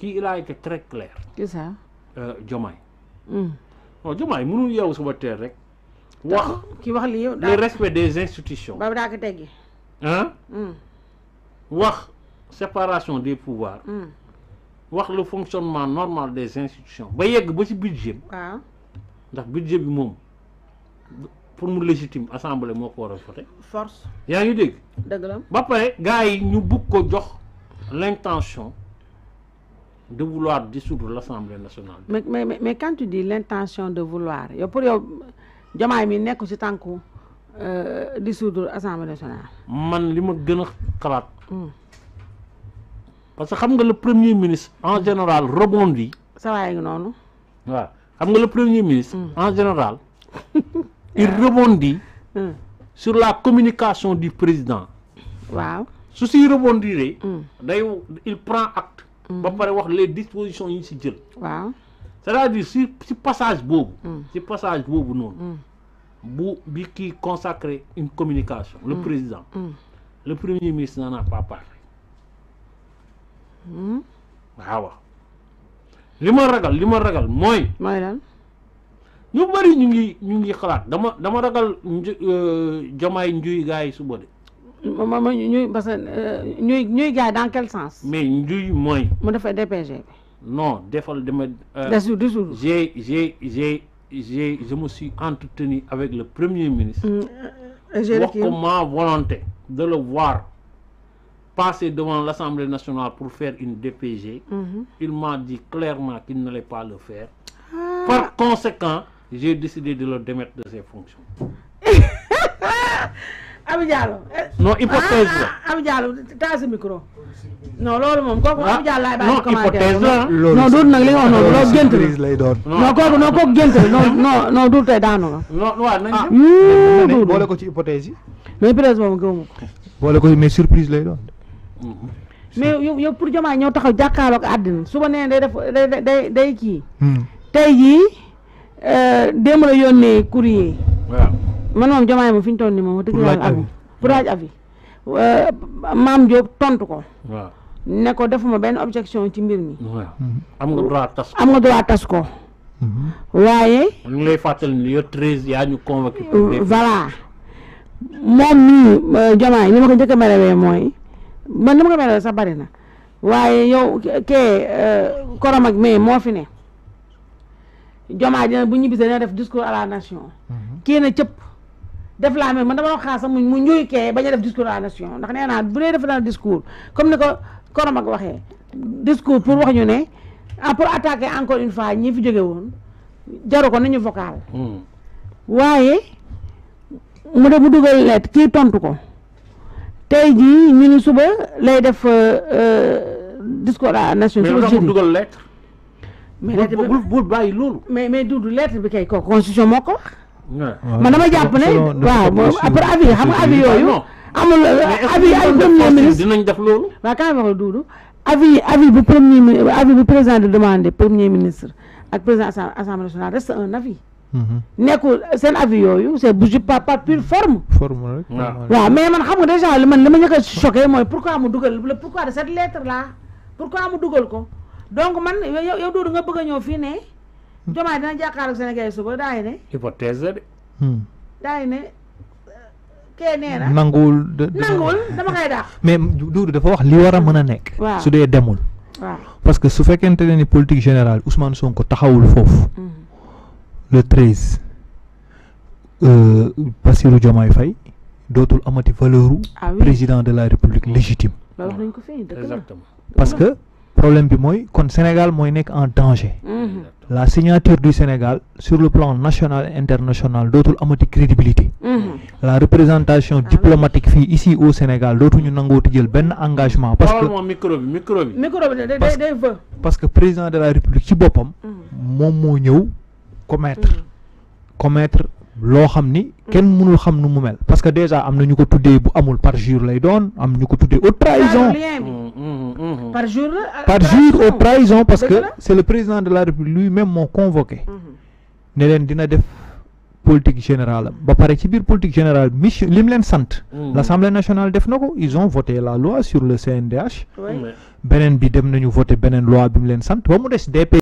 kii il a été très clair. c'est ça. Diomaye. Uh, non mm. oh, Diomaye mënul yeewu suba teel rek. wax ki wax li yow le respect des institutions. boobu daa ko hein ah. wax séparation des pouvoirs. Mm. wax le fonctionnement normal des institutions ba yegg ba ci budget bi. ndax budget bi pour mu légitime assemblée moo ko war a force Il ngi dégg. dëgg la ba pare gars yi ñu bugg ko jox l'intention de vouloir dissoudre l'Assemblée nationale. Mais, mais, mais, quand tu dis l'intention de vouloir, il pour yow que mi ci euh, dissoudre l'Assemblée nationale. man li ma je hmm. parce que le premier ministre en général rebondit. ça va ngi Ouais. le premier ministre. Hmm. en général. il rebondit. Hmm. sur la communication du président. Wow. il rebondirait. il prend acte ba mhm. pare wax les dispositions yi ñu si jël. waaw c'est-à-dire si si passage boobu. Mhm. si passage boobu non. Mhm. bu bi kii consacré une communication. le président. le premier ministre n'en a pas parlé. waaw li ma ragal li ma ragal mooy. mooy lan. ñu bëri ñu ngi ñu ngi xalaat dama dama ragal Jomaay euh, njuy gars yi suba Maman, nous, euh, dans quel sens. mais moi... Moi, DPG non euh, j'ai j'ai j'ai je me suis entretenu avec le premier ministre. Mm. J'ai ma volonté. de le voir passer devant l'Assemblée nationale pour faire une DPG. Mm-hmm. il m'a dit clairement qu'il n'allait pas le faire. Ah. par conséquent j'ai décidé de le démettre de ses fonctions. Abi Diallo. non hypothèse la ah, ah Abi Diallo taal sa micro. non loolu moom kooku Abi Diallo laay bàyyi commentaire la non duut nag li nga wax noonu loolu gént la non kooku non kooku gént la non non non duut tey daanu ko ah, boole ko ci hypothèse mais hypothèse moom gëmuma ko. boole mais surprise lay doon. mais yow yow pour Diomaye ñëw taxaw suba nee day def day day day kii. Hmm. tey jii euh, démb la yónnee courrier. man moom jomaay moom fi ñu toll nii moom wax dëgg yàlla amul pour laaj avis euh, tontu ko waaw defuma benn objection ci mbir mi mhm. am nga droit mhm. lay fàttali ni yow treize yaa euh, euh, ma ko njëkk a merewee mooy man li ma ko merewee sax bari na waaye yow kee moo fi ne jomaay dina bu ñibbisee dina def discours à la nation mhm. kii na cëpp def laa mel man dama doon xaar sax mu ñuy kee bañ a def discours à la nation ndax nee bu dee def naa discours comme ni ko Koromak waxee discours pour wax ñu ne ah, pour attaquer encore une fois ñi fi jóge woon jaru ko nañu vocal. Hmm. waaye mu de mu dugal leet kii tontu ko tey jii ñu ni suba lay def euh, euh, discours à la nation. suba mais dugal lettre. mais mais mais lettre bi kay ko moo ko man dama jàpp ne waaw moom après avis xam nga avis yooyu amul euh, avis avis premier ministre dinañ def loolu waaw quand même wax la duudu avis avis bu premier avis bu président de demandé premier ministre ak président assemblée nationale reste un avis mhm. nekkul seen avis yooyu c'est bouge pas par pure forme. forme rek waaw mais man xam nga déjà li man li ma njëkk a mooy pourquoi mu dugal le pourquoi de cette lettre là pourquoi mu dugal ko donc man yow yow Doudou nga bëgg a ñëw fii ne Diomaye dina jàkkaarloog Sénégal yi suba daay ne. Hmm. dama koy dàq. mais Doudou dafa wax li war a mën a nekk. su dee demul. waaw parce que su fekkente ne ni politique générale Ousmane Sonko taxawul foofu. Hmm. le treize. Euh, Bassirou Diomaye Faye dootul amati valeur. Ah président de la république légitime. parce que. Le problème bi que kon Sénégal est en danger mhm. la signature du Sénégal sur le plan national et international dotul amati crédibilité mhm. la représentation ah diplomatique ici au Sénégal ñu nangooti jël ben engagement parce que micro bi micro bi micro parce que président de la République ci bopam mom mhm. mo ñëw commettre commettre loo xam ni kenn mënul xam nu mu mel parce que déjà am na ñu ko tuddee bu amul parjure lay doon am ñu ko tuddee haute trahison Mhm. par jour euh, par jour au présent parce que c'est le président de la république lui-même m'a convoqué nélène mhm. leen dina def politique générale Bah par politique générale mission li mhm. l'assemblée nationale def na ils ont voté la loi sur le CNDH Benen bi dem nañu voter benen loi bi mu sante ba DP